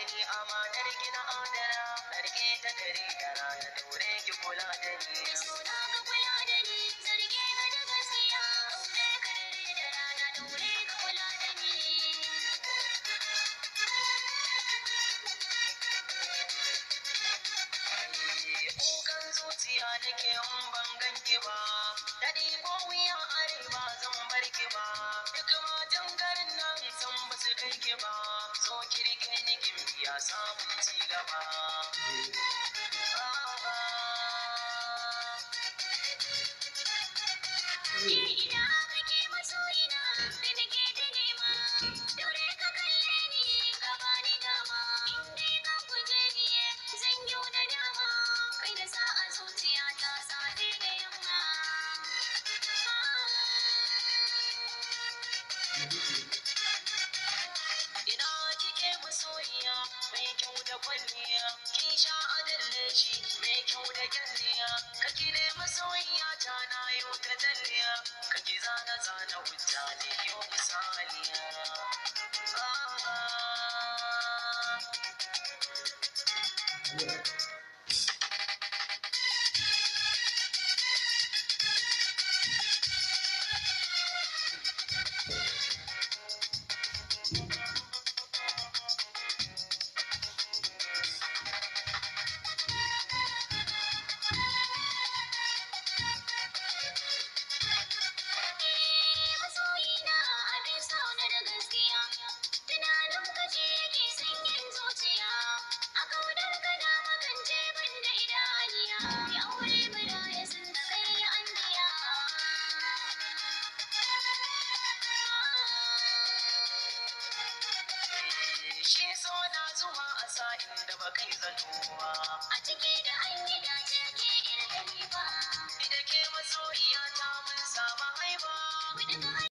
Eh, amanar gina adara narke ta dare dara tafiya nake in ban ganki ba daɗi ko wuya arewa zan bar ki ba duk matan garin nan san ba su kai ki ba zo kirge ni kin biya samun ci gaba Yeah. Ina kike masoyiya mai kyau da kwalliya, kin sha adalle shi mai kyau da kyalliya, kake ne masoyiya ta na yau ta dalliya, kake zana zana hujja ne yau misaliya. Yeah. sa'in da ba kai zato ba a cike da an yi dace ke irin ba